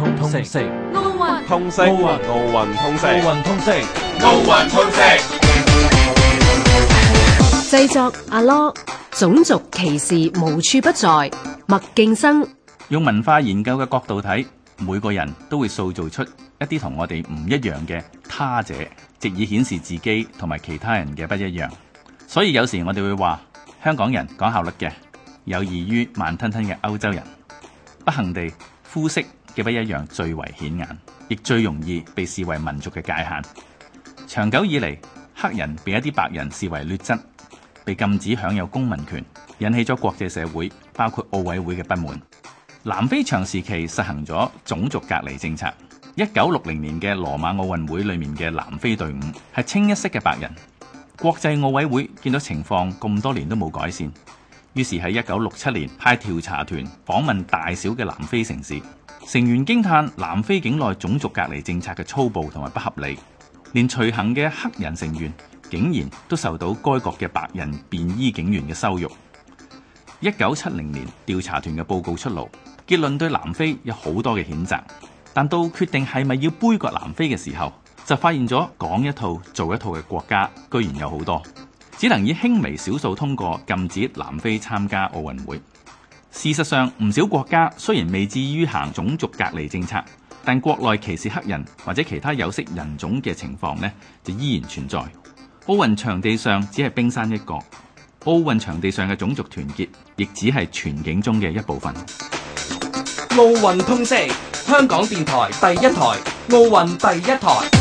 通通奧運，奧運，奧運通奧運通奧運通製作：阿羅。種族歧視無處不在。麥敬生用文化研究嘅角度睇，每個人都會塑造出一啲同我哋唔一樣嘅他者，藉以顯示自己同埋其他人嘅不一樣。所以有時我哋會話香港人講效率嘅，有異於慢吞吞嘅歐洲人，不幸地。膚色嘅不一樣最為顯眼，亦最容易被視為民族嘅界限。長久以嚟，黑人被一啲白人視為劣質，被禁止享有公民權，引起咗國際社會，包括奧委會嘅不滿。南非長時期實行咗種族隔離政策。一九六零年嘅羅馬奧運會裏面嘅南非隊伍係清一色嘅白人。國際奧委會見到情況咁多年都冇改善。於是喺一九六七年派調查團訪問大小嘅南非城市，成員驚嘆南非境內種族隔離政策嘅粗暴同埋不合理，連隨行嘅黑人成員竟然都受到該國嘅白人便衣警員嘅羞辱。一九七零年調查團嘅報告出爐，結論對南非有好多嘅譴責，但到決定係咪要杯葛南非嘅時候，就發現咗講一套做一套嘅國家居然有好多。只能以輕微少數通過禁止南非參加奧運會。事實上，唔少國家雖然未至於行種族隔離政策，但國內歧視黑人或者其他有色人種嘅情況呢，就依然存在。奧運場地上只係冰山一角，奧運場地上嘅種族團結亦只係全景中嘅一部分。奧運通識，香港電台第一台，奧運第一台。